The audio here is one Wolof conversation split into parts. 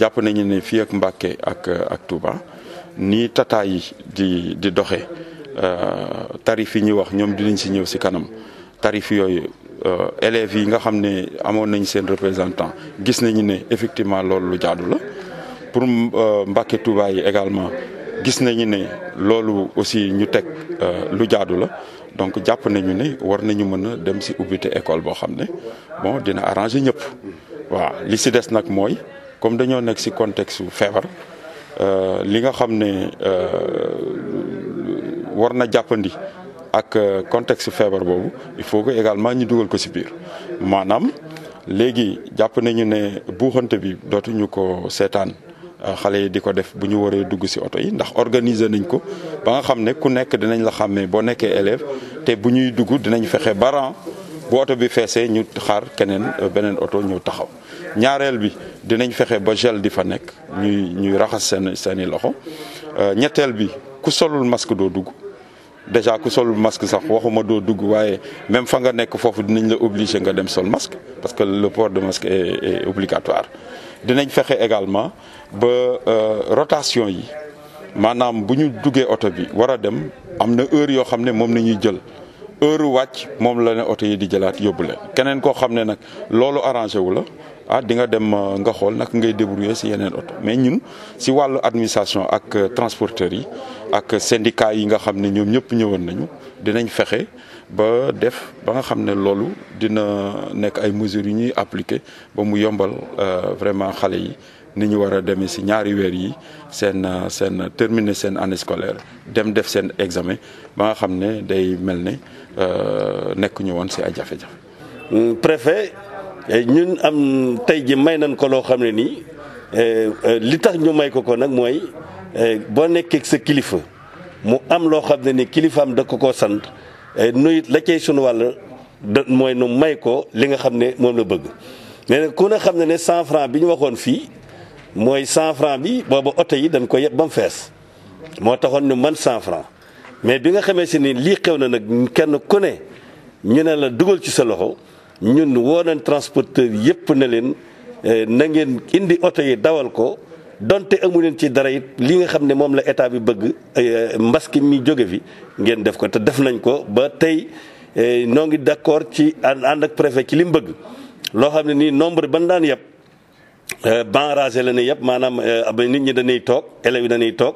jàpp nañu ne fii ak Mbàkke ak ak Touba nii tata yi di doxe doxee euh, tarif yi ñuy wax ñoom dinañ si ñëw si kanam tarif yooyu euh, élèves yi nga xam ne amoon nañ seen représentant gis nañu ne effectivement loolu lu jaadu la pour euh, mbake Touba yi également gis nañu ne loolu aussi ñu teg lu jaadu la donc jàpp nañu ne war nañu mën a dem si ubbite école boo xam ne bon dina arranger ñëpp waaw li si des nag mooy comme dañoo nekk ci contexte feebar euh, li nga xam ne euh, war na jàppandi ak euh, contexte feebar boobu il faut que également ñu dugal ko ci biir maanaam léegi jàpp nañu ne buuxante bi dootuñu ko seetaan xale yi di ko def bu ñu waree dugg si oto yi ndax organiser nañ ko ba nga xam ne ku nekk dinañ la xàmmee boo nekkee élève te bu ñuy dugg dinañ fexe baran bu oto bi feesee ñu xaar keneen euh, beneen oto ñu taxaw ñaareel bi dinañ fexe ba gel di fa nekk ñuy ñuy raxas seen seeni loxo euh, ñetteel bi ku solul masque doo dugg déjà ku solul masque sax waxuma doo dugg waaye même fa nga nekk foofu dinañ la obligé nga dem sol masque parce que le port de masque est, est obligatoire dinañ fexe également ba euh, rotation yi maanaam bu ñu duggee oto bi war a dem am na heure yoo xam ne moom la ñuy jël heure wàcc moom la ne oto yi di jëlaat yóbbu leen keneen koo xam ne nag loolu arrangé wu la ah di nga dem euh, nga xool nag ngay débrouiller si yeneen oto mais ñun si wàllu administration ak euh, transporteurs yi ak syndicats yi nga xam ne ñoom ñëpp ñëwoon nañu dinañ fexe ba def ba nga xam ne loolu dina nekk ay mesures yu ñuy appliquer ba mu yombal euh, vraiment xale yi ni ñu war a demee si ñaari weer yi seen seen terminer seen année scolaire dem def seen examen ba nga xam ne day mel ne Euh, nekk ñu woon si ay jafe-jafe. Mm, préfet eh, ñun am tey ji may nañ ko loo xam ne nii eh, eh, li tax ñu may ko ko nag mooy boo nekkee sa kilifa mu am loo xam ne ni kilifaam da ko ko sant nuyit la cay sunu wàll da mooy nu may ko li nga xam ne moom la bëgg mais nag ku ne xam ne ne cent franc bi ñu waxoon fii mooy cent franc bi booba oto yi dañ ko yeb ba mu fees moo taxoon ñu man cent franc mais bi nga xamee si ni lii xew na nag kenn ku ne ñu ne la dugal ci sa loxo ñun woo nañ transporteur yëpp ne leen eh, na ngeen indi oto yi dawal ko donte amu leen ci dara it li nga xam ne moom la état bi bëgg eh, mbaski mi jóge fi ngeen def ko te def nañ ko ba tey eh, noo ngi d'accord ci ànd ak préfet ci li mu bëgg loo xam ne nii nombre ban daan yëpp ban rangé la ne yëpp maanaam nit ñi dañuy toog élèves yi toog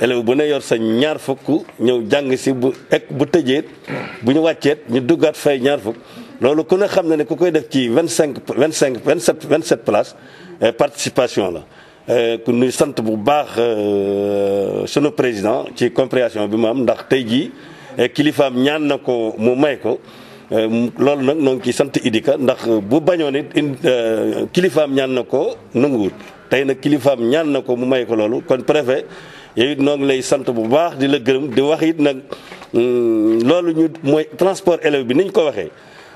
élève bu ne yor sa ñaar fukk ñëw jàng si bu ek bu tëjeet bu ñu wàcceet ñu duggaat fay ñaar fukk loolu ku ne xam na ne ku koy def ci vingt cinq vingt cinq vingt sept vingt sept places eh, participation la eh, ku nuy sant bu baax eh, sunu président ci compréhension bi mu am ndax tey jii kilifaam ñaan na ko mu may ko loolu nag noo ngi sant idika ndax bu bañoon it kilifaam ñaan na ko nanguwut tey nag kilifaam ñaan na ko mu may ko loolu kon préfet yow it noo ngi lay sant bu baax di la gërëm di wax it nag mm, loolu ñu mooy transport élève bi niñ ko waxee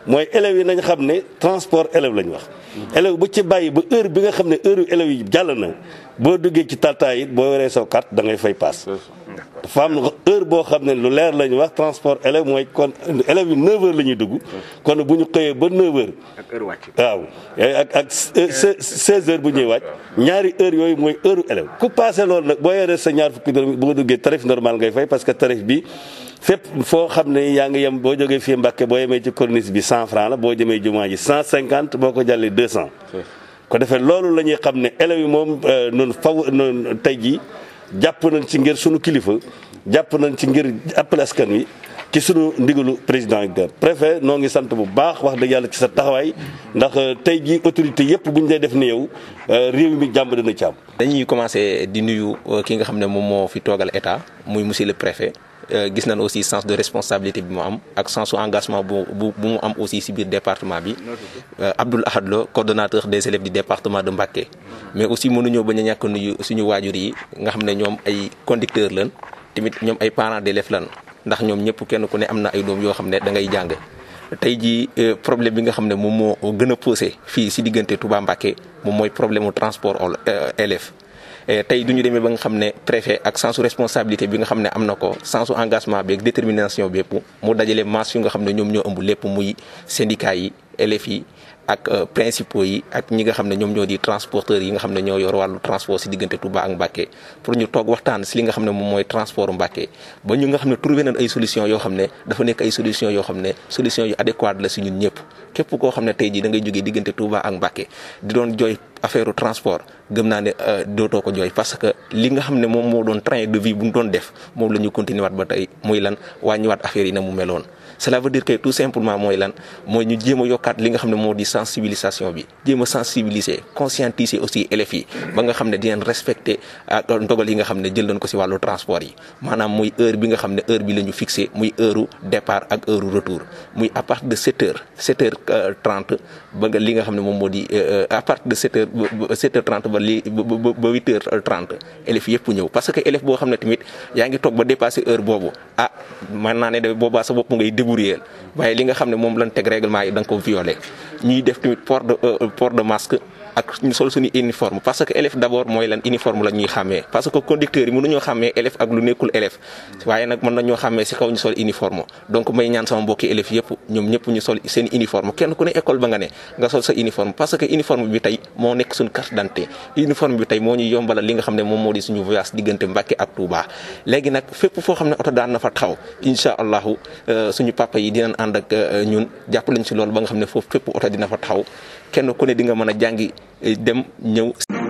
mooy élèves yi nañ xam ne transport élève la ñu wax élève bu ci bàyyi ba heure bi nga xam ne heure yu yi jàll na boo duggee ci tata yi boo waree saw carte da ngay fay paas dafa am heure boo xam ne lu leer la ñu wax transport élève mooy kon élèves yi 9 heures la ñuy dugg kon bu ñu xëyee ba 9 heures ak heure wàcc waaw ak ak 16 heures bu ñuy wàcc ñaari heure yooyu mooy heure élève ku passé loolu nag boo yoree sa ñaar fukki boo duggee tarif normal ngay fay parce que tarif bi fépp foo xam ne yaa ngi yem boo jógee fii Mbàkke boo yemee ci corniche bi cent franc la boo demee jumaa ji cent cinquante boo ko jàllee deux cent ko defee loolu la ñuy xam ne élèves yi moom euh, noonu faw noonu tey jii jàpp nañ ci ngir suñu kilifa jàpp nañ ci ngir appel askan wi ci sunu ndigalu président ak préfet noo ngi sant bu baax wax dëgg yàlla ci sa taxawaay ndax euh, tey jii autorité yëpp bu ñu lay def ni yow euh, réew mi jàmm dina ci am. dañuy commencé di nuyu euh, ki nga xam ne moom moo fi toogal état muy monsieur le préfet gis na nañ aussi sens de responsabilité bi mu am ak sensu engagement bu bu bu mu am aussi si biir département bi Abdoul Ahad Lo coordonnateur des élèves du département de Mbacké mais aussi mënuñoo bañ a ñàkk nuyu suñu waajur yi nga xam ne ñoom ay conducteur lañ tamit ñoom ay parents d'élèves lañ ndax ñoom ñëpp kenn ku ne am na ay doom yoo xam ne da ngay jàng tey jii euh, problème bi nga xam ne moom moo gën a posé fii si diggante Touba Mbacké moom mooy problème mu transport euh, élèves tey du ñu demee ba nga xam ne préfet ak sensu responsabilité bi nga xam ne am na ko sansu engagement bi ak détermination bi yëpp mu dajalee masse yu nga xam ne ñoom ñoo ëmb lépp muy syndicat yi élèves yi ak euh, principaux yi ak ñi nga xam ne ñoom ñoo di transporteurs yi nga xam ne ñoo yor wàllu transport si diggante Touba ak Mbacké pour ñu toog waxtaan si li nga xam ne moom mooy transport Mbacké ba xam ne ay solution yoo xam ne dafa nekk ay solution yoo xam ne solution yu adéquate la si ñun ñëpp képp koo xam ne jii da ngay jógee diggante Touba ak Mbacké doon jooy affaire transport gëm naa ne euh, dootoo ko jooy parce que li nga xam ne moom moo doon train de vie bu mu doon def moom la ñu continué waat ba tey muy lan wàññiwaat affaire yi na mu meloon cela veut dire que tout simplement mooy lan mooy ñu jéem a yokkaat li nga xam ne moo di sensibilisation bi jéem a sensibiliser conscientiser aussi élèves yi ba nga xam ne di dinañ respecter ndogal yi nga xam ne jël nañ ko si wàllu transport yi maanaam muy heure bi nga xam ne heure bi la ñu fixé muy heure départ ak heure retour muy à partir de sept heures sept euh, ba nga li nga xam ne moom moo di euh, à partir de sept heures sept ba li ba huit heures euh, trente élèves yëpp ñëw parce que élève boo xam ne tamit yaa ngi toog ba dépassé heure boobu ah man débrouiller waaye li nga xam ne moom lan teg réglement yi da nga ko violé ñuy def tamit port de euh, port ak ñu sol suñu uniforme parce que élève d' mooy lan uniforme la ñuy xàmmee parce que conducteur yi mënuñoo xàmmee élève ak lu nekkul élève waaye nag na nañoo xàmmee si kaw ñu sol uniforme donc may ñaan sama mbokki élèves yëpp ñoom ñëpp ñu sol seen uniforme kenn ku ne école ba nga ne nga sol sa uniforme parce que uniforme bi tey moo nekk suñu carte d'identité uniforme bi tey moo ñu yombalal li nga xam ne moom moo di suñu voyage diggante Mbàkke ak Touba léegi nag fépp foo xam ne daan na fa taxaw incha allahu euh, suñu papa yi dinañ ànd ak euh, ñun jàpp lañ si loolu ba nga xam ne foofu fépp oto dina fa taxaw kenn ku ne di nga mën a jàngi eh, dem ñëw